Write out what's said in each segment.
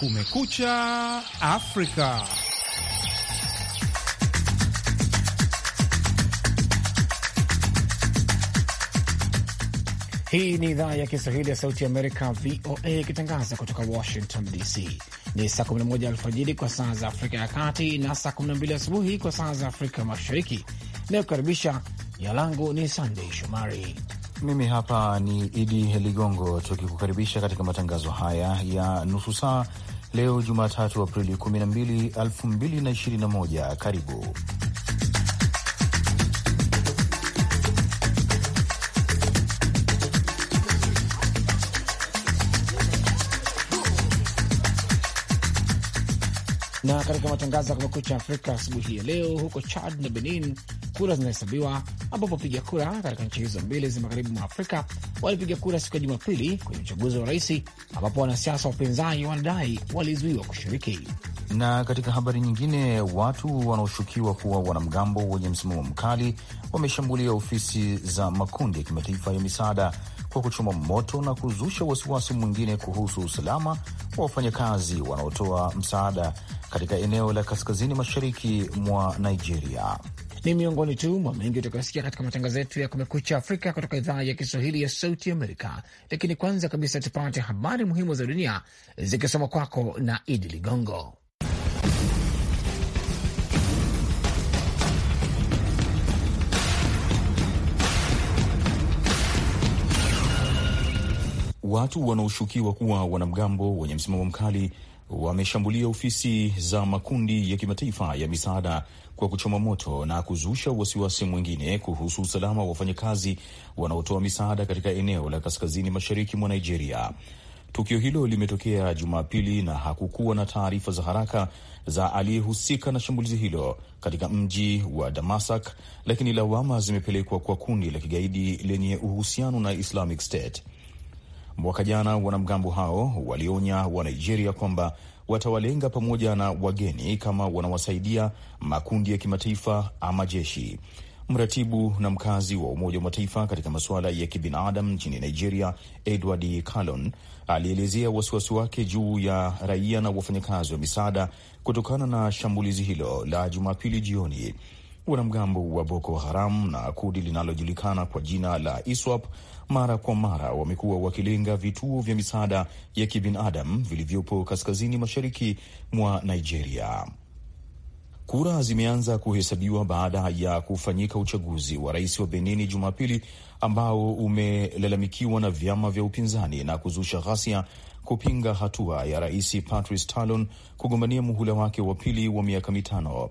Kumekucha Afrika. Hii ni idhaa ya Kiswahili ya Sauti ya Amerika, VOA, ikitangaza kutoka Washington DC. Ni saa 11 alfajiri kwa saa za Afrika ya Kati na saa 12 asubuhi kwa saa za Afrika Mashariki. Inayokaribisha jina langu ni Sandei Shomari. Mimi hapa ni Idi Ligongo, tukikukaribisha katika matangazo haya ya nusu saa leo Jumatatu Aprili 12, 2021. Karibu. Na katika matangazo ya Kumekucha Afrika asubuhi ya leo, huko Chad na Benin kura zinahesabiwa, ambapo wapiga kura katika nchi hizo mbili za magharibi mwa Afrika walipiga kura siku ya Jumapili kwenye uchaguzi wa rais, ambapo wanasiasa wa upinzani wanadai walizuiwa kushiriki. Na katika habari nyingine, watu wanaoshukiwa kuwa wanamgambo wenye msimamo mkali wameshambulia ofisi za makundi ya kimataifa ya misaada kwa kuchoma moto na kuzusha wasiwasi mwingine kuhusu usalama wa wafanyakazi wanaotoa msaada katika eneo la kaskazini mashariki mwa Nigeria. Ni miongoni tu mwa mengi utakayosikia katika matangazo yetu ya Kumekucha Afrika kutoka idhaa ya Kiswahili ya Sauti Amerika. Lakini kwanza kabisa tupate habari muhimu za dunia zikisoma kwako na Idi Ligongo. Watu wanaoshukiwa kuwa wanamgambo wenye msimamo mkali wameshambulia ofisi za makundi ya kimataifa ya misaada kwa kuchoma moto na kuzusha wasiwasi mwingine kuhusu usalama wa wafanyakazi wanaotoa misaada katika eneo la kaskazini mashariki mwa Nigeria. Tukio hilo limetokea Jumapili na hakukuwa na taarifa za haraka za aliyehusika na shambulizi hilo katika mji wa Damasak, lakini lawama zimepelekwa kwa kundi la kigaidi lenye uhusiano na Islamic State. Mwaka jana wanamgambo hao walionya wa nigeria kwamba watawalenga pamoja na wageni kama wanawasaidia makundi ya kimataifa ama jeshi. Mratibu na mkazi wa Umoja wa Mataifa katika masuala ya kibinadamu nchini Nigeria, Edward Calon alielezea wasiwasi wake juu ya raia na wafanyakazi wa misaada kutokana na shambulizi hilo la Jumapili jioni. Wanamgambo wa Boko Haram na kundi linalojulikana kwa jina la ISWAP mara kwa mara wamekuwa wakilenga vituo vya misaada ya kibinadamu vilivyopo kaskazini mashariki mwa Nigeria. Kura zimeanza kuhesabiwa baada ya kufanyika uchaguzi wa rais wa Benini Jumapili ambao umelalamikiwa na vyama vya upinzani na kuzusha ghasia kupinga hatua ya rais Patrice Talon kugombania muhula wake wa pili wa miaka mitano.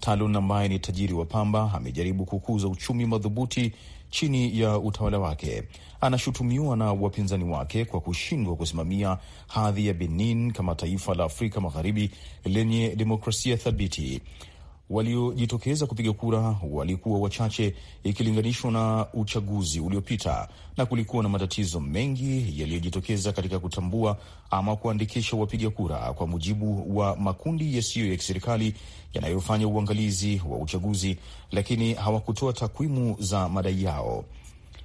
Talon ambaye ni tajiri wa pamba amejaribu kukuza uchumi madhubuti chini ya utawala wake. Anashutumiwa na wapinzani wake kwa kushindwa kusimamia hadhi ya Benin kama taifa la Afrika Magharibi lenye demokrasia thabiti waliojitokeza kupiga kura walikuwa wachache ikilinganishwa na uchaguzi uliopita, na kulikuwa na matatizo mengi yaliyojitokeza katika kutambua ama kuandikisha wapiga kura, kwa mujibu wa makundi yasiyo ya kiserikali yanayofanya uangalizi wa uchaguzi, lakini hawakutoa takwimu za madai yao.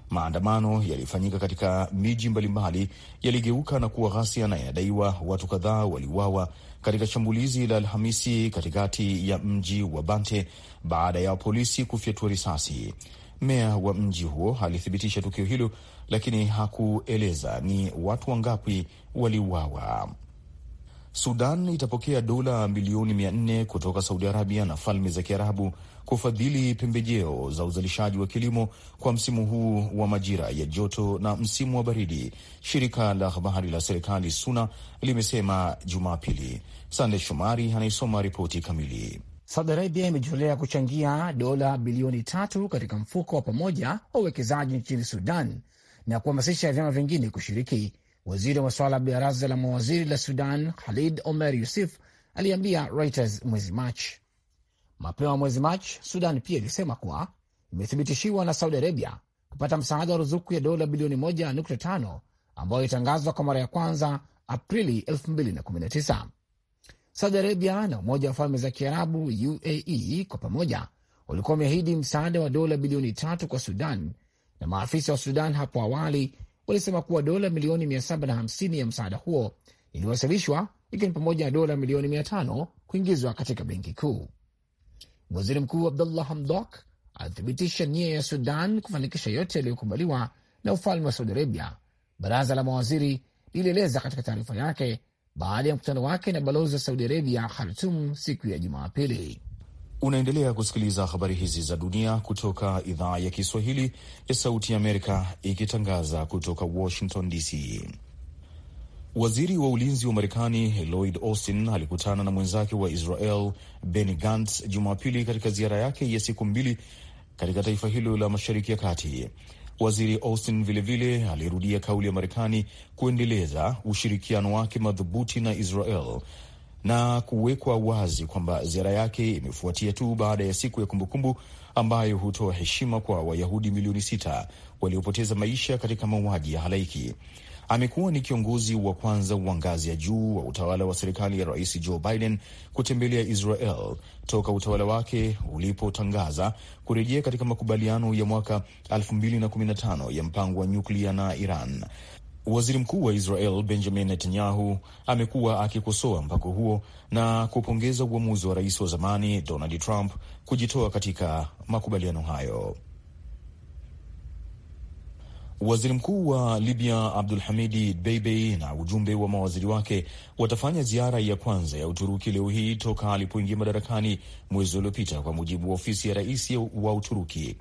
Maandamano yalifanyika katika miji mbalimbali yaligeuka na kuwa ghasia na yanadaiwa watu kadhaa waliuawa katika shambulizi la Alhamisi katikati ya mji wa Bante baada ya polisi kufyatua risasi. Meya wa mji huo alithibitisha tukio hilo, lakini hakueleza ni watu wangapi waliuawa. Sudan itapokea dola milioni mia nne kutoka Saudi Arabia na Falme za Kiarabu kufadhili pembejeo za uzalishaji wa kilimo kwa msimu huu wa majira ya joto na msimu wa baridi, shirika la habari la serikali SUNA limesema Jumapili. Sande Shomari anaisoma ripoti kamili. Saudi Arabia imejitolea kuchangia dola bilioni tatu katika mfuko wa pamoja wa uwekezaji nchini Sudan na kuhamasisha vyama vingine kushiriki Waziri wa masuala ya baraza la mawaziri la Sudan, Khalid Omer Yusuf, aliambia Reuters mwezi Machi. Mapema mwezi Machi, Sudan pia ilisema kuwa imethibitishiwa na Saudi Arabia kupata msaada wa ruzuku ya dola bilioni 1.5 ambayo ilitangazwa kwa mara ya kwanza Aprili 2019. Saudi Arabia na Umoja wa Falme za Kiarabu, UAE, kwa pamoja walikuwa wameahidi msaada wa dola bilioni tatu kwa Sudan, na maafisa wa Sudan hapo awali walisema kuwa dola milioni 750 ya msaada huo iliwasilishwa ikiwa ni pamoja na dola milioni 500 kuingizwa katika benki kuu. Waziri Mkuu Abdullah Hamdok alithibitisha nia ya Sudan kufanikisha yote yaliyokubaliwa na ufalme wa Saudi Arabia, baraza la mawaziri lilieleza katika taarifa yake baada ya mkutano wake na balozi wa Saudi Arabia Khartum siku ya Jumapili. Unaendelea kusikiliza habari hizi za dunia kutoka idhaa ya Kiswahili ya Sauti ya Amerika ikitangaza kutoka Washington DC. Waziri wa ulinzi wa Marekani Lloyd Austin alikutana na mwenzake wa Israel Benny Gantz Jumapili katika ziara yake ya siku mbili katika taifa hilo la Mashariki ya Kati. Waziri Austin vilevile alirudia kauli ya Marekani kuendeleza ushirikiano wake madhubuti na Israel na kuwekwa wazi kwamba ziara yake imefuatia tu baada ya siku ya kumbukumbu ambayo hutoa heshima kwa Wayahudi milioni sita waliopoteza maisha katika mauaji ya halaiki. Amekuwa ni kiongozi wa kwanza wa ngazi ya juu wa utawala wa serikali ya Rais Joe Biden kutembelea Israel toka utawala wake ulipotangaza kurejea katika makubaliano ya mwaka 2015 ya mpango wa nyuklia na Iran. Waziri mkuu wa Israel Benjamin Netanyahu amekuwa akikosoa mpako huo na kupongeza uamuzi wa rais wa zamani Donald Trump kujitoa katika makubaliano hayo. Waziri mkuu wa Libya Abdul Hamidi Beibei na ujumbe wa mawaziri wake watafanya ziara ya kwanza ya Uturuki leo hii toka alipoingia madarakani mwezi uliopita, kwa mujibu wa ofisi ya rais wa Uturuki.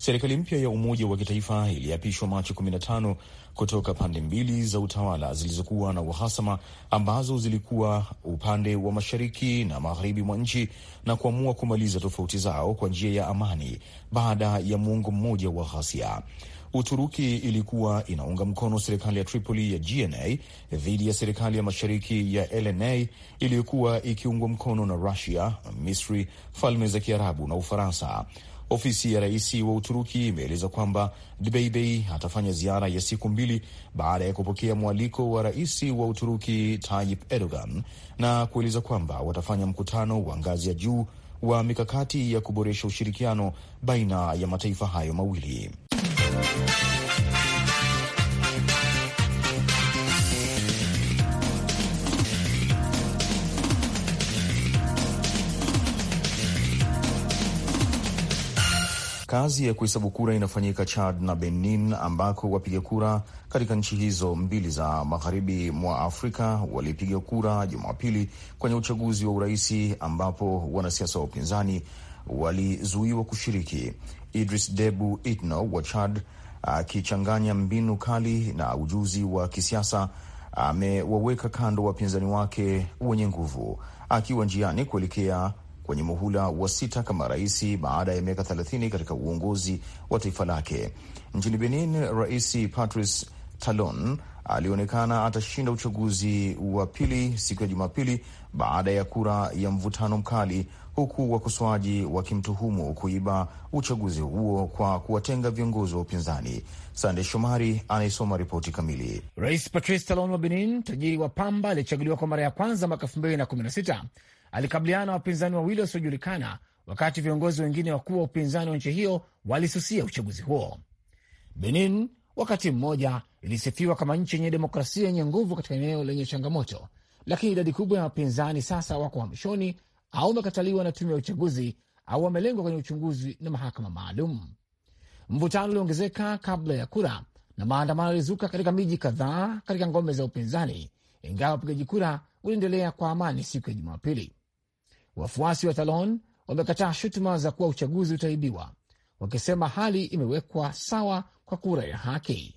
Serikali mpya ya umoja wa kitaifa iliapishwa Machi 15 kutoka pande mbili za utawala zilizokuwa na uhasama ambazo zilikuwa upande wa mashariki na magharibi mwa nchi na kuamua kumaliza tofauti zao kwa njia ya amani baada ya muongo mmoja wa ghasia. Uturuki ilikuwa inaunga mkono serikali ya Tripoli ya GNA dhidi ya serikali ya mashariki ya LNA iliyokuwa ikiungwa mkono na Rusia, Misri, Falme za Kiarabu na Ufaransa. Ofisi ya rais wa Uturuki imeeleza kwamba Dbeibei atafanya ziara ya siku mbili baada ya kupokea mwaliko wa rais wa Uturuki Tayyip Erdogan na kueleza kwamba watafanya mkutano wa ngazi ya juu wa mikakati ya kuboresha ushirikiano baina ya mataifa hayo mawili. Kazi ya kuhesabu kura inafanyika Chad na Benin, ambako wapiga kura katika nchi hizo mbili za magharibi mwa Afrika walipiga kura Jumapili kwenye uchaguzi wa uraisi ambapo wanasiasa wa upinzani walizuiwa kushiriki. Idris Debu Itno wa Chad akichanganya mbinu kali na ujuzi wa kisiasa amewaweka kando wapinzani wake wenye nguvu. Akiwa njiani kuelekea kwenye muhula wa sita kama rais baada ya miaka 30 katika uongozi wa taifa lake. Nchini Benin, Rais Patrice Talon alionekana atashinda uchaguzi wa pili siku ya Jumapili baada ya kura ya mvutano mkali, huku wakosoaji wakimtuhumu kuiba uchaguzi huo kwa kuwatenga viongozi wa upinzani. Sande Shomari anayesoma ripoti kamili. Rais Patrice Talon wa Benin, tajiri wa pamba aliyechaguliwa kwa mara ya kwanza mwaka elfu mbili na kumi na sita, alikabiliana na wapinzani wawili wasiojulikana, wakati viongozi wengine wakuu wa upinzani wa nchi hiyo walisusia uchaguzi huo. Benin wakati mmoja ilisifiwa kama nchi yenye demokrasia yenye nguvu katika eneo lenye changamoto, lakini idadi kubwa ya wapinzani sasa wako uhamishoni au wamekataliwa na tume ya uchaguzi au wamelengwa kwenye uchunguzi na mahakama maalum. Mvutano uliongezeka kabla ya kura na maandamano yalizuka katika miji kadhaa katika ngome za upinzani, ingawa upigaji kura uliendelea kwa amani siku ya Jumapili. Wafuasi wa Talon wamekataa shutuma za kuwa uchaguzi utaibiwa, wakisema hali imewekwa sawa kwa kura ya haki.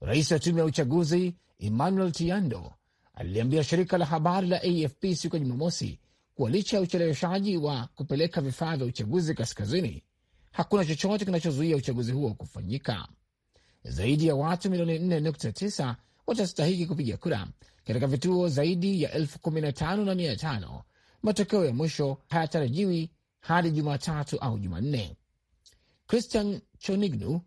Rais wa tume ya uchaguzi Emmanuel Tiando aliliambia shirika la habari la AFP siku ya Jumamosi kuwa licha ya ucheleweshaji wa kupeleka vifaa vya uchaguzi kaskazini, hakuna chochote kinachozuia uchaguzi huo kufanyika. Zaidi ya watu milioni 4.9 watastahiki kupiga kura katika vituo zaidi ya elfu kumi na matokeo ya mwisho hayatarajiwi hadi Jumatatu au Jumanne. Christian Chonignu,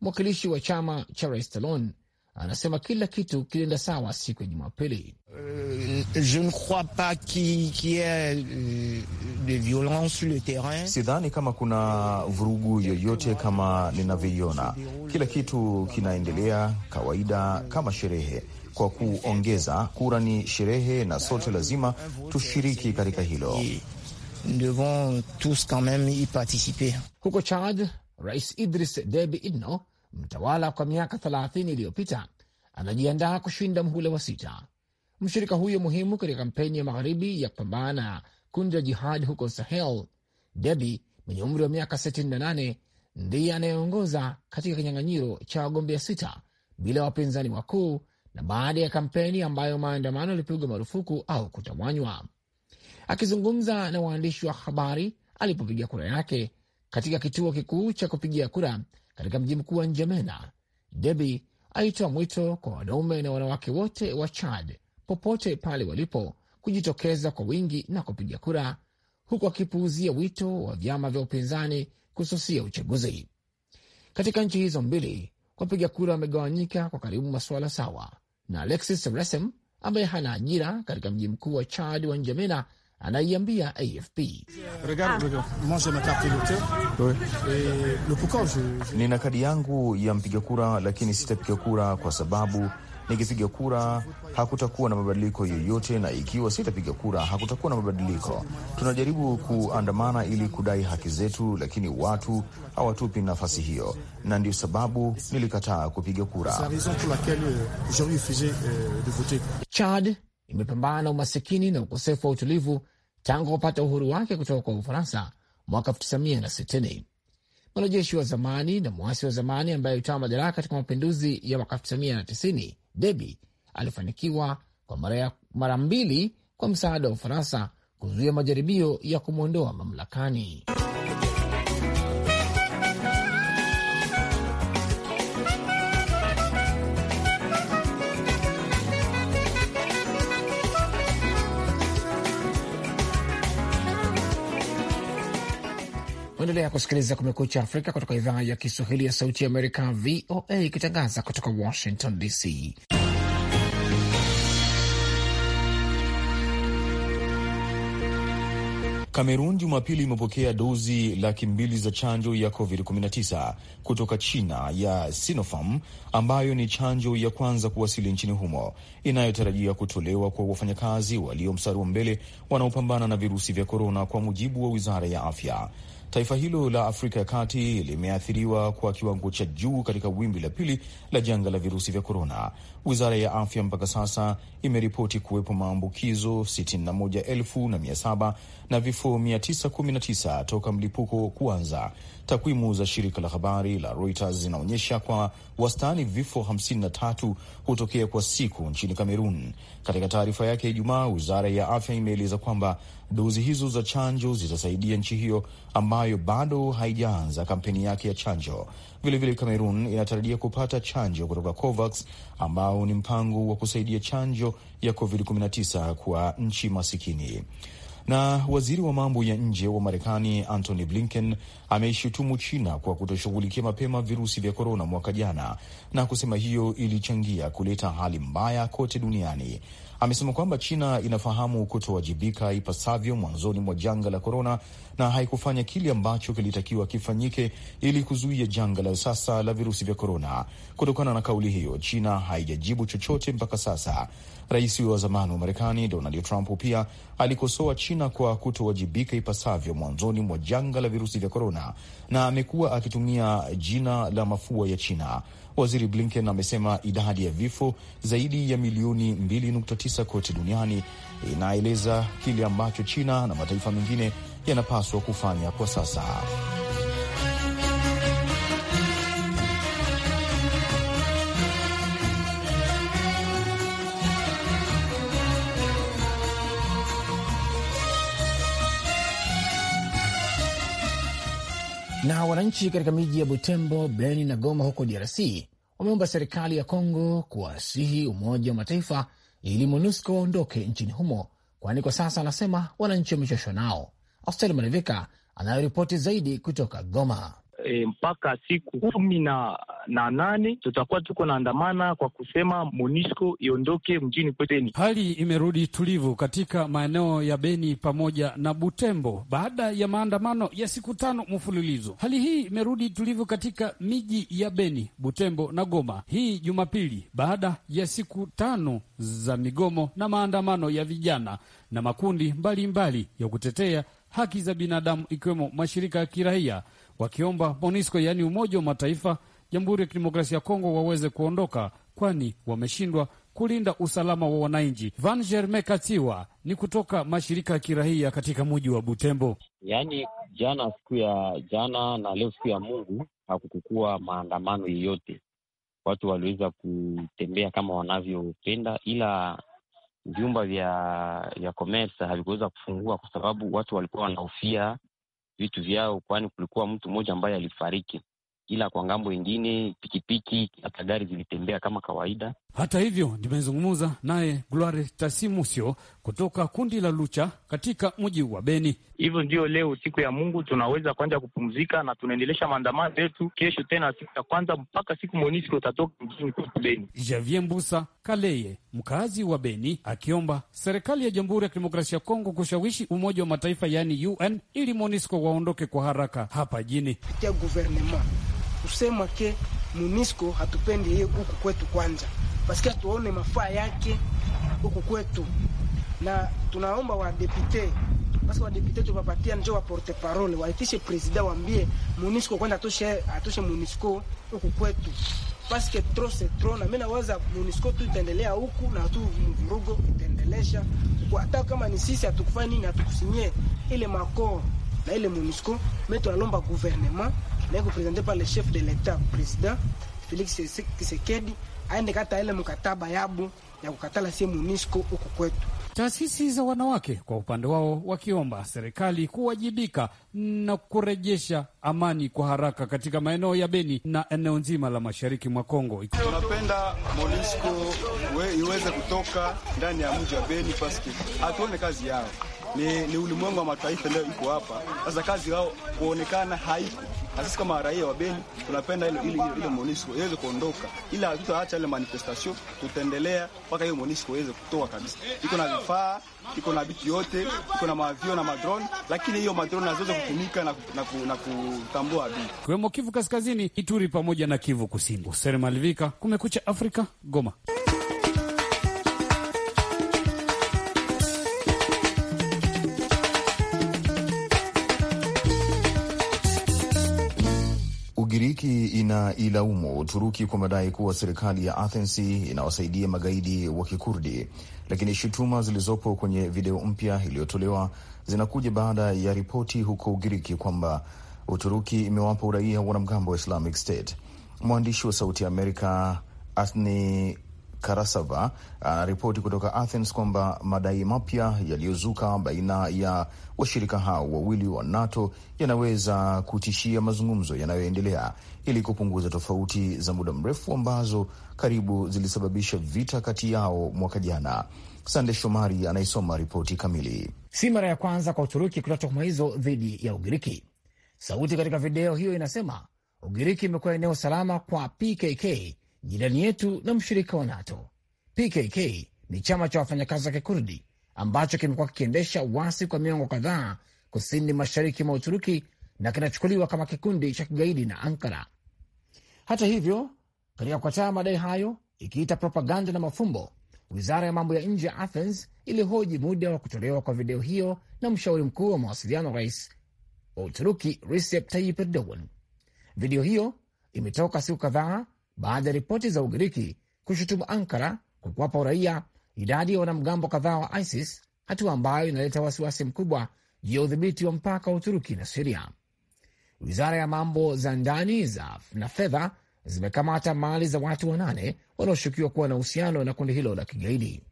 mwakilishi wa chama cha Restalon, anasema kila kitu kilienda sawa siku ya Jumapili. Sidhani kama kuna vurugu yoyote kama ninavyoiona. Kila kitu kinaendelea kawaida kama sherehe kwa kuongeza, kura ni sherehe na sote lazima tushiriki katika hilo. Huko Chad, Rais Idris Debi Itno, mtawala kwa miaka 30 iliyopita, anajiandaa kushinda mhula wa sita. Mshirika huyo muhimu katika kampeni ya magharibi ya kupambana na kundi la jihad huko Sahel, Debi mwenye umri wa miaka 68 ndiye anayeongoza katika kinyang'anyiro cha wagombea sita bila wapinzani wakuu na baada ya kampeni ambayo maandamano yalipigwa marufuku au kutawanywa. Akizungumza na waandishi wa habari alipopiga kura yake katika kituo kikuu cha kupigia kura katika mji mkuu wa Njamena, Debi alitoa mwito kwa wanaume na wanawake wote wa Chad popote pale walipo kujitokeza kwa wingi na kupiga kura, huku akipuuzia wito wa vyama vya upinzani kususia uchaguzi. Katika nchi hizo mbili, wapiga kura wamegawanyika kwa karibu masuala sawa, na Alexis Resem ambaye hana ajira katika mji mkuu wa Chad wa Njamena anaiambia AFP nina kadi yangu ya mpiga kura, lakini sitapiga kura kwa sababu nikipiga kura hakutakuwa na mabadiliko yoyote, na ikiwa sitapiga kura hakutakuwa na mabadiliko. Tunajaribu kuandamana ili kudai haki zetu, lakini watu hawatupi nafasi hiyo, na ndio sababu nilikataa kupiga kura. Euh, euh, Chad imepambana na umasikini na ukosefu wa utulivu tangu kupata uhuru wake kutoka kwa Ufaransa mwaka 1960 mwanajeshi wa zamani na mwasi wa zamani ambaye alitoa madaraka katika mapinduzi ya mwaka 1990 Deby alifanikiwa kwa mara mara mbili kwa msaada wa Ufaransa kuzuia majaribio ya kumwondoa mamlakani. Uendelea kusikiliza Kumekucha Afrika kutoka idhaa ya Kiswahili ya Sauti ya Amerika, VOA, ikitangaza kutoka Washington DC. Kamerun Jumapili imepokea dozi laki mbili za chanjo ya COVID-19 kutoka China ya Sinopharm, ambayo ni chanjo ya kwanza kuwasili nchini humo inayotarajia kutolewa kwa wafanyakazi walio mstari wa mbele wanaopambana na virusi vya korona, kwa mujibu wa wizara ya afya. Taifa hilo la Afrika ya Kati limeathiriwa kwa kiwango cha juu katika wimbi la pili la janga la virusi vya korona. Wizara ya afya mpaka sasa imeripoti kuwepo maambukizo 61,700 na vifo 919 toka mlipuko kuanza. Takwimu za shirika la habari la Reuters zinaonyesha kwa wastani vifo 53 hutokea kwa siku nchini Kamerun. Katika taarifa yake Ijumaa, wizara ya afya imeeleza kwamba dozi hizo za chanjo zitasaidia nchi hiyo ambayo bado haijaanza kampeni yake ya chanjo. Vilevile, Kamerun inatarajia kupata chanjo kutoka COVAX ambao ni mpango wa kusaidia chanjo ya COVID-19 kwa nchi masikini. Na waziri wa mambo ya nje wa Marekani Antony Blinken ameishutumu China kwa kutoshughulikia mapema virusi vya korona mwaka jana na kusema hiyo ilichangia kuleta hali mbaya kote duniani amesema kwamba China inafahamu kutowajibika ipasavyo mwanzoni mwa janga la korona na haikufanya kile ambacho kilitakiwa kifanyike ili kuzuia janga la sasa la virusi vya korona. Kutokana na kauli hiyo, China haijajibu chochote mpaka sasa. Rais wa zamani wa Marekani Donald Trump pia alikosoa China kwa kutowajibika ipasavyo mwanzoni mwa janga la virusi vya korona na amekuwa akitumia jina la mafua ya China. Waziri Blinken amesema idadi ya vifo zaidi ya milioni 2.9 kote duniani inaeleza kile ambacho China na mataifa mengine yanapaswa kufanya kwa sasa. Na wananchi katika miji ya Butembo, Beni na Goma huko DRC wameomba serikali ya Kongo kuwasihi Umoja wa Mataifa ili MONUSCO waondoke nchini humo, kwani kwa sasa anasema wananchi wamechoshwa nao. Austeli Malevika anayoripoti zaidi kutoka Goma e, mpaka siku kumi na, na nane tutakuwa tuko na andamana kwa kusema MONUSCO iondoke mjini Kwetu. Hali imerudi tulivu katika maeneo ya Beni pamoja na Butembo baada ya maandamano ya siku tano mfululizo. Hali hii imerudi tulivu katika miji ya Beni, Butembo na Goma hii Jumapili baada ya siku tano za migomo na maandamano ya vijana na makundi mbalimbali mbali ya kutetea haki za binadamu ikiwemo mashirika ya kiraia wakiomba MONUSCO yaani Umoja wa Mataifa Jamhuri ya Kidemokrasia ya Kongo waweze kuondoka, kwani wameshindwa kulinda usalama wa wananchi. Van Germe Katiwa ni kutoka mashirika ya kirahia katika muji wa Butembo. Yaani jana siku ya jana na leo siku ya Mungu hakukukuwa maandamano yeyote, watu waliweza kutembea kama wanavyopenda, ila vyumba vya vya komersa havikuweza kufungua kwa sababu watu walikuwa wanahofia vitu vyao, kwani kulikuwa mtu mmoja ambaye alifariki, ila kwa ngambo ingine pikipiki hata gari zilitembea kama kawaida. Hata hivyo, nimezungumza naye Gloire Tasimusio kutoka kundi la Lucha katika mji wa Beni. Hivyo ndio leo siku ya Mungu tunaweza kwanza kupumzika na tunaendelesha maandamano yetu kesho tena siku ya kwanza mpaka siku MONUSCO utatoka mjini kwetu Beni. Javier Mbusa Kaleye, mkaazi wa Beni, akiomba serikali ya Jamhuri ya Kidemokrasia ya Kongo kushawishi Umoja wa Mataifa yaani UN ili MONUSCO waondoke kwa haraka hapa jini kupitia guvernema kusema ke MONUSCO hatupendi hiyo huku kwetu kwanza pasikia tuone mafaa yake huku kwetu, na tunaomba wadepute basi wadepute tuwapatia njo waporte parole, waitishe presida, waambie Munisco kwenda atoshe, atoshe Munisco huku kwetu paske tro se tro, na mimi naweza Munisco tu itaendelea huku na tu mvurugo itaendelesha kwa, hata kama ni sisi hatukufanya nini, hatukusinyie ile mako na ile Munisco. Mimi tunalomba gouvernement na iko presente par le chef de l'etat president Felix Tshisekedi aende kata ile mkataba yabu ya kukatala sie MONUSCO huko kwetu. Taasisi za wanawake kwa upande wao wakiomba serikali kuwajibika na kurejesha amani kwa haraka katika maeneo ya Beni na eneo nzima la mashariki mwa Kongo. Tunapenda MONUSCO iweze kutoka ndani ya mji wa Beni paski hatuone kazi yao ni, ni ulimwengu wa mataifa ndio iko hapa sasa, kazi yao kuonekana haiko na sisi kama raia wa Beni tunapenda ile ile ile MONUSCO iweze kuondoka, ila hatutaacha ile manifestation, tutaendelea mpaka hiyo MONUSCO iweze kutoa kabisa. Iko na vifaa, iko na vitu yote, iko na maavio na madrone, lakini hiyo madrone haziweze kutumika na, na, na kutambua adui kiwemo Kivu Kaskazini, Ituri pamoja na Kivu Kusini. malivika Kumekucha Afrika, Goma. inailaumu Uturuki kwa madai kuwa serikali ya Athens inawasaidia magaidi wa Kikurdi, lakini shutuma zilizopo kwenye video mpya iliyotolewa zinakuja baada ya ripoti huko Ugiriki kwamba Uturuki imewapa uraia wanamgambo wa Islamic State. Mwandishi wa Sauti ya Amerika Athni Karasava anaripoti uh, kutoka Athens kwamba madai mapya yaliyozuka baina ya washirika hao wawili wa NATO yanaweza kutishia mazungumzo yanayoendelea ili kupunguza tofauti za muda mrefu ambazo karibu zilisababisha vita kati yao mwaka jana. Sande Shomari anaisoma ripoti kamili. Si mara ya kwanza kwa Uturuki kutoa tuhuma hizo dhidi ya Ugiriki. Sauti katika video hiyo inasema Ugiriki imekuwa eneo salama kwa PKK jirani yetu na mshirika wa NATO. PKK ni chama cha wafanyakazi wa kikurdi ambacho kimekuwa kikiendesha uasi kwa miongo kadhaa kusini mashariki mwa Uturuki na kinachukuliwa kama kikundi cha kigaidi na Ankara. Hata hivyo, katika kukataa madai hayo ikiita propaganda na mafumbo, wizara ya mambo ya nje ya Athens ilihoji muda wa kutolewa kwa video hiyo na mshauri mkuu wa mawasiliano rais wa Uturuki Recep Tayyip Erdogan. Video hiyo imetoka siku kadhaa baada ya ripoti za Ugiriki kushutumu Ankara kwa kuwapa uraia idadi ya wanamgambo kadhaa wa ISIS, hatua ambayo inaleta wasiwasi mkubwa juu ya udhibiti wa mpaka wa Uturuki na Siria. Wizara ya mambo za ndani na fedha zimekamata mali za watu wanane wanaoshukiwa kuwa na uhusiano na kundi hilo la kigaidi.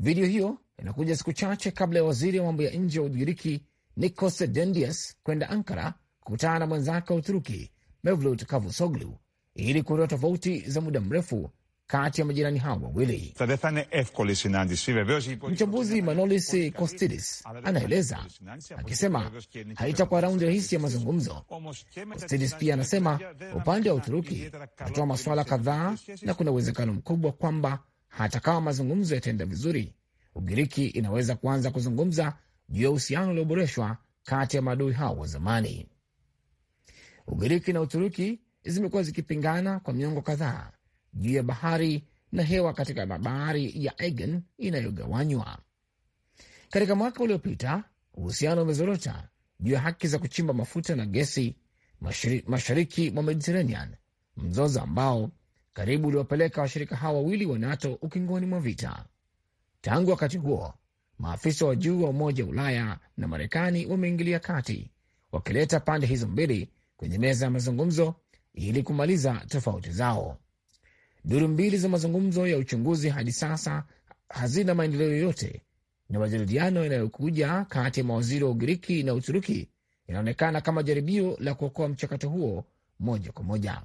Video hiyo inakuja siku chache kabla ya waziri wa mambo ya nje wa Ugiriki Nikos Dendias kwenda Ankara kukutana na mwenzake wa Uturuki Mevlut Cavusoglu ili kuondoa tofauti za muda mrefu kati ya majirani hao wawili. Mchambuzi Manolis Kostidis anaeleza akisema, haitakuwa raundi rahisi ya mazungumzo. Kostidis pia anasema upande wa Uturuki unatoa masuala kadhaa na kuna uwezekano mkubwa kwamba hata kama mazungumzo yataenda vizuri, Ugiriki inaweza kuanza kuzungumza juu ya uhusiano ulioboreshwa kati ya maadui hao wa zamani. Ugiriki na Uturuki zimekuwa zikipingana kwa miongo kadhaa juu ya bahari na hewa katika bahari ya Aegean inayogawanywa. Katika mwaka uliopita, uhusiano umezorota juu ya haki za kuchimba mafuta na gesi mashariki mwa Mediterranean, mzozo ambao karibu uliwapeleka washirika hawa wawili wa NATO ukingoni mwa vita. Tangu wakati huo, maafisa wa juu wa Umoja wa Ulaya na Marekani wameingilia kati, wakileta pande hizo mbili kwenye meza ya mazungumzo ili kumaliza tofauti zao. Duru mbili za mazungumzo ya uchunguzi hadi sasa hazina maendeleo yoyote, na majadiliano yanayokuja kati ya mawaziri wa Ugiriki na Uturuki yanaonekana kama jaribio la kuokoa mchakato huo moja kwa moja,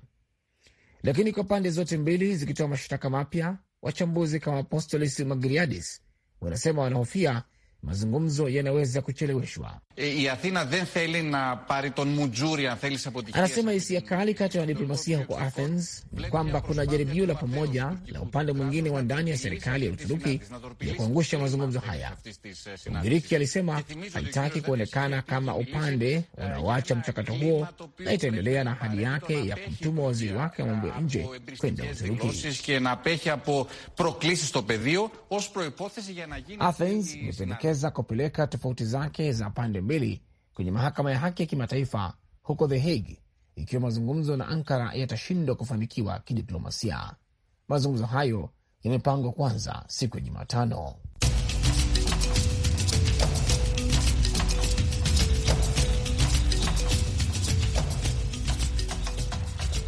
lakini kwa pande zote mbili zikitoa mashtaka mapya, wachambuzi kama Apostolis Magriadis wanasema wanahofia mazungumzo yanaweza kucheleweshwa. E, e, anasema hisia kali kati ya wadiplomasia huko Athens ni kwamba kuna jaribio la pamoja la upande mwingine wa ndani ya serikali ya Uturuki ya kuangusha mazungumzo haya. mgiriki alisema haitaki kuonekana kama upande unaoacha mchakato huo na itaendelea na ahadi yake ya kumtuma waziri wake wa mambo ya nje kwenda Uturuki. Athens imependekeza inaweza kupeleka tofauti zake za pande mbili kwenye mahakama ya haki ya kimataifa huko The Hague ikiwa mazungumzo na Ankara yatashindwa kufanikiwa kidiplomasia. Mazungumzo hayo yamepangwa kwanza siku ya Jumatano.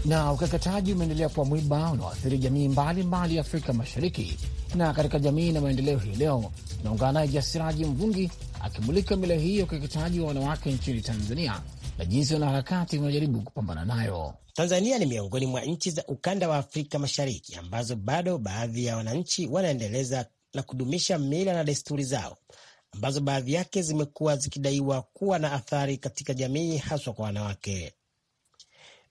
Na ukeketaji umeendelea kuwa mwiba unaoathiri jamii mbalimbali mbali Afrika Mashariki. Na katika jamii na maendeleo hii leo Naungana naye Jasiraji Mvungi akimulika mila hii ya ukeketaji wa wanawake nchini Tanzania na jinsi wanaharakati wanajaribu kupambana nayo. Tanzania ni miongoni mwa nchi za ukanda wa Afrika Mashariki ambazo bado baadhi ya wananchi wanaendeleza na kudumisha mila na desturi zao ambazo baadhi yake zimekuwa zikidaiwa kuwa na athari katika jamii, haswa kwa wanawake.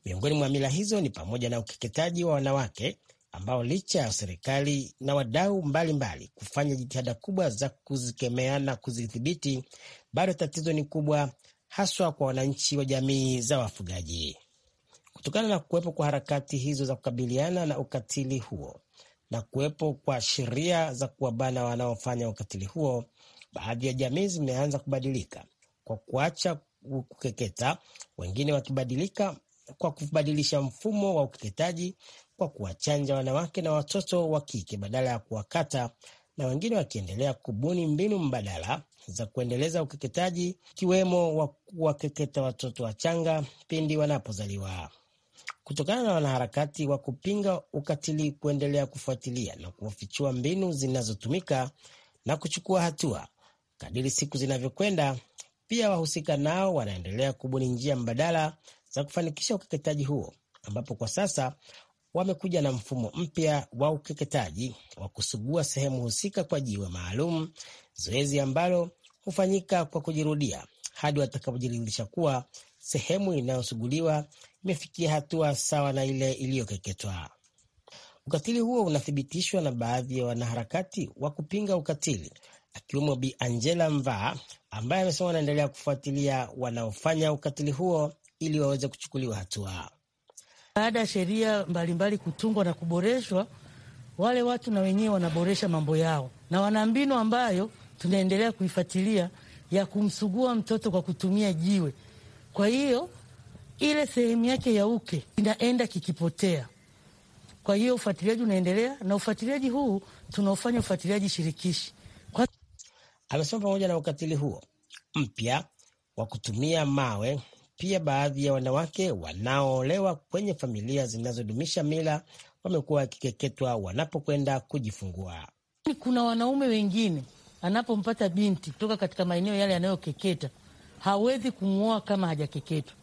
Miongoni mwa mila hizo ni pamoja na ukeketaji wa wanawake ambao licha ya serikali na wadau mbalimbali kufanya jitihada kubwa za kuzikemea na kuzidhibiti, bado tatizo ni kubwa, haswa kwa wananchi wa jamii za wafugaji. Kutokana na kuwepo kwa harakati hizo za kukabiliana na ukatili huo na kuwepo kwa sheria za kuwabana wanaofanya ukatili huo, baadhi ya jamii zimeanza kubadilika kwa kuacha kukeketa, wengine wakibadilika kwa kubadilisha mfumo wa ukeketaji kwa kuwachanja wanawake na watoto wa kike badala ya kuwakata, na wengine wakiendelea kubuni mbinu mbadala za kuendeleza ukeketaji, ikiwemo wa kuwakeketa watoto wachanga pindi wanapozaliwa. Kutokana na wanaharakati wa kupinga ukatili kuendelea kufuatilia na kuwafichua mbinu zinazotumika na kuchukua hatua kadiri siku zinavyokwenda, pia wahusika nao wanaendelea kubuni njia mbadala za kufanikisha ukeketaji huo, ambapo kwa sasa wamekuja na mfumo mpya wa ukeketaji wa kusugua sehemu husika kwa jiwe maalum, zoezi ambalo hufanyika kwa kujirudia hadi watakapojiridhisha kuwa sehemu inayosuguliwa imefikia hatua sawa na ile iliyokeketwa. Ukatili huo unathibitishwa na baadhi ya wanaharakati wa kupinga ukatili akiwemo Bi Angela Mvaa ambaye amesema wanaendelea kufuatilia wanaofanya ukatili huo ili waweze kuchukuliwa hatua. Baada ya sheria mbalimbali kutungwa na kuboreshwa, wale watu na wenyewe wanaboresha mambo yao na wana mbinu ambayo tunaendelea kuifuatilia ya kumsugua mtoto kwa kutumia jiwe. Kwa hiyo ile sehemu yake ya uke inaenda kikipotea. Kwa hiyo ufuatiliaji unaendelea, na ufuatiliaji huu tunaofanya ufuatiliaji shirikishi kwa... amesema pamoja na ukatili huo mpya wa kutumia mawe pia baadhi ya wanawake wanaoolewa kwenye familia zinazodumisha mila wamekuwa wakikeketwa wanapokwenda kujifungua. Kuna wanaume wengine anapompata binti kutoka katika maeneo yale yanayokeketa hawezi kumwoa kama hajakeketwa,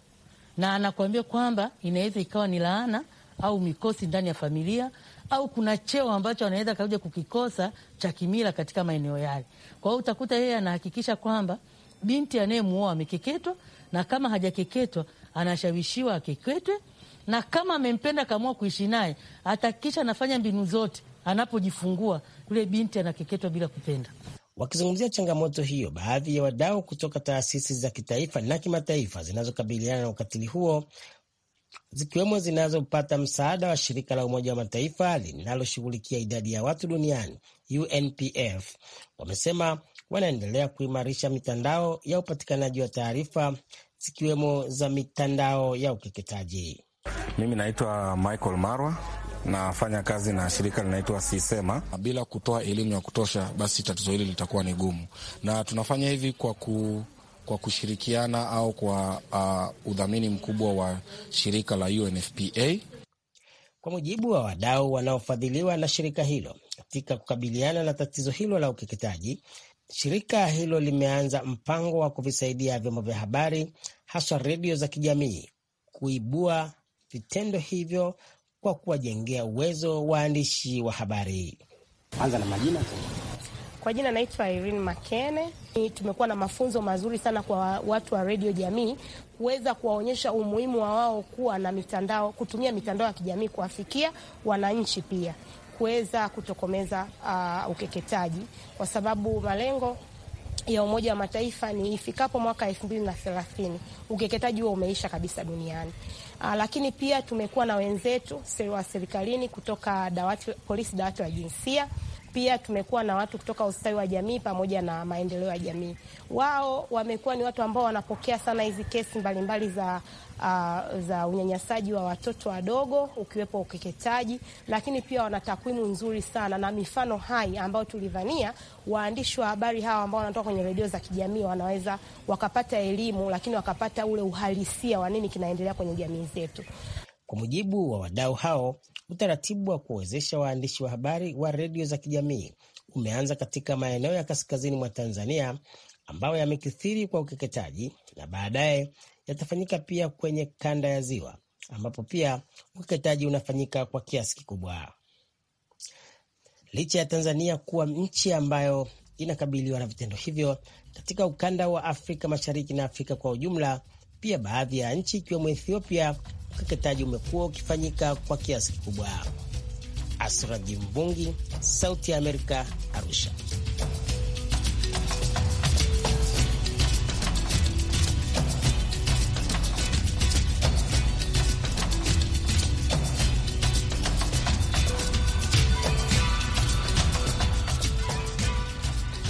na anakuambia kwamba inaweza ikawa ni laana au mikosi ndani ya familia au kuna cheo ambacho anaweza kakuja kukikosa cha kimila katika maeneo yale. Kwa hiyo utakuta yeye anahakikisha kwamba binti anayemuoa amekeketwa, na kama hajakeketwa anashawishiwa akeketwe, na kama amempenda kamua kuishi naye atahakikisha anafanya mbinu zote anapojifungua yule binti anakeketwa bila kupenda. Wakizungumzia changamoto hiyo, baadhi ya wadau kutoka taasisi za kitaifa na kimataifa zinazokabiliana na ukatili huo zikiwemo zinazopata msaada wa shirika la Umoja wa Mataifa linaloshughulikia idadi ya watu duniani UNPF wamesema wanaendelea kuimarisha mitandao ya upatikanaji wa taarifa zikiwemo za mitandao ya ukeketaji. Mimi naitwa Michael Marwa, nafanya kazi na shirika linaitwa Sisema. Bila kutoa elimu ya kutosha, basi tatizo hili litakuwa ni gumu, na tunafanya hivi kwa ku kwa kushirikiana au kwa uh, udhamini mkubwa wa shirika la UNFPA. Kwa mujibu wa wadau wanaofadhiliwa na shirika hilo, katika kukabiliana na tatizo hilo la ukeketaji, Shirika hilo limeanza mpango wa kuvisaidia vyombo vya habari haswa redio za kijamii kuibua vitendo hivyo kwa kuwajengea uwezo waandishi wa habari. Anza na majina. Kwa jina naitwa Irene Makene. Tumekuwa na mafunzo mazuri sana kwa watu wa redio jamii kuweza kuwaonyesha umuhimu wa wao kuwa na mitandao, kutumia mitandao ya kijamii kuwafikia wananchi pia kuweza kutokomeza uh, ukeketaji kwa sababu malengo ya Umoja wa Mataifa ni ifikapo mwaka elfu mbili na thelathini ukeketaji huo umeisha kabisa duniani. Uh, lakini pia tumekuwa na wenzetu wa serikalini kutoka dawati, polisi dawati la jinsia pia tumekuwa na watu kutoka ustawi wa jamii pamoja na maendeleo ya jamii. Wao wamekuwa ni watu ambao wanapokea sana hizi kesi mbalimbali za, uh, za unyanyasaji wa watoto wadogo ukiwepo ukeketaji, lakini pia wana takwimu nzuri sana na mifano hai ambayo tulidhania waandishi wa habari hawa ambao wanatoka kwenye redio za kijamii wanaweza wakapata elimu, lakini wakapata ule uhalisia wa nini kinaendelea kwenye jamii zetu. Kwa mujibu wa wadau hao, utaratibu wa kuwawezesha waandishi wa habari wa redio za kijamii umeanza katika maeneo ya kaskazini mwa Tanzania ambayo yamekithiri kwa ukeketaji na baadaye yatafanyika pia kwenye kanda ya Ziwa ambapo pia ukeketaji unafanyika kwa kiasi kikubwa. Licha ya Tanzania kuwa nchi ambayo inakabiliwa na vitendo hivyo, katika ukanda wa Afrika Mashariki na Afrika kwa ujumla pia baadhi ya nchi ikiwemo Ethiopia, ukeketaji umekuwa ukifanyika kwa kiasi kikubwa. Asraji Mvungi, Sauti ya Amerika, Arusha.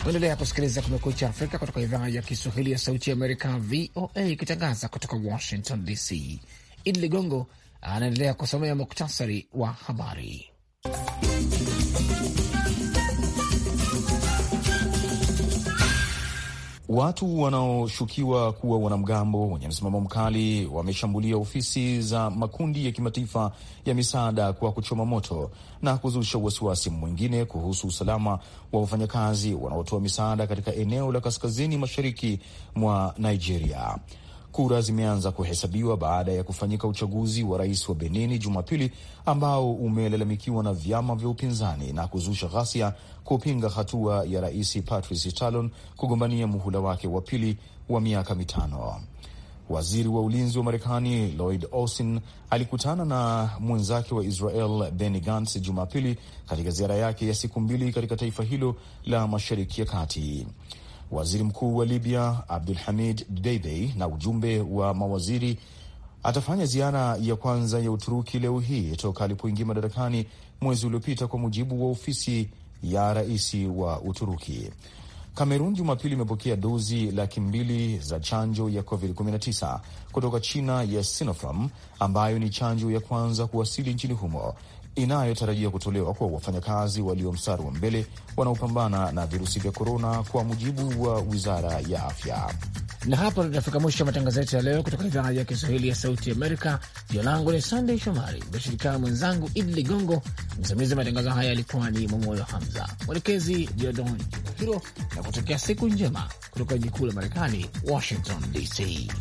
Unaendelea kusikiliza Kumekucha Afrika kutoka idhaa ya Kiswahili ya Sauti ya Amerika, VOA, ikitangaza kutoka Washington DC. Idi Ligongo anaendelea kusomea muktasari wa habari. Watu wanaoshukiwa kuwa wanamgambo wenye msimamo mkali wameshambulia ofisi za makundi ya kimataifa ya misaada kwa kuchoma moto na kuzusha wasiwasi mwingine kuhusu usalama wa wafanyakazi wanaotoa misaada katika eneo la kaskazini mashariki mwa Nigeria. Kura zimeanza kuhesabiwa baada ya kufanyika uchaguzi wa rais wa Benini Jumapili ambao umelalamikiwa na vyama vya upinzani na kuzusha ghasia kupinga hatua ya rais Patrice Talon kugombania muhula wake wa pili wa miaka mitano. Waziri wa ulinzi wa Marekani Lloyd Austin alikutana na mwenzake wa Israel Benny Gantz Jumapili katika ziara yake ya siku mbili katika taifa hilo la Mashariki ya Kati. Waziri Mkuu wa Libya Abdul Hamid Dbeibeh na ujumbe wa mawaziri atafanya ziara ya kwanza ya Uturuki leo hii toka alipoingia madarakani mwezi uliopita, kwa mujibu wa ofisi ya rais wa Uturuki. Kamerun Jumapili imepokea dozi laki mbili za chanjo ya COVID-19 kutoka China ya Sinopharm ambayo ni chanjo ya kwanza kuwasili nchini humo inayotarajia kutolewa kwa wafanyakazi walio mstari wa mbele wanaopambana na virusi vya korona, kwa mujibu wa wizara ya afya. Na hapo tunafika mwisho wa matangazo yetu ya leo kutoka idhaa ya Kiswahili ya Sauti Amerika. Jina langu ni Sandey Shomari, imeshirikiana mwenzangu Idi Ligongo. Msimamizi wa matangazo haya alikuwa ni Mwamoyo Hamza, mwelekezi Diodon Hiro, na kutokea siku njema kutoka jikuu la Marekani, Washington DC.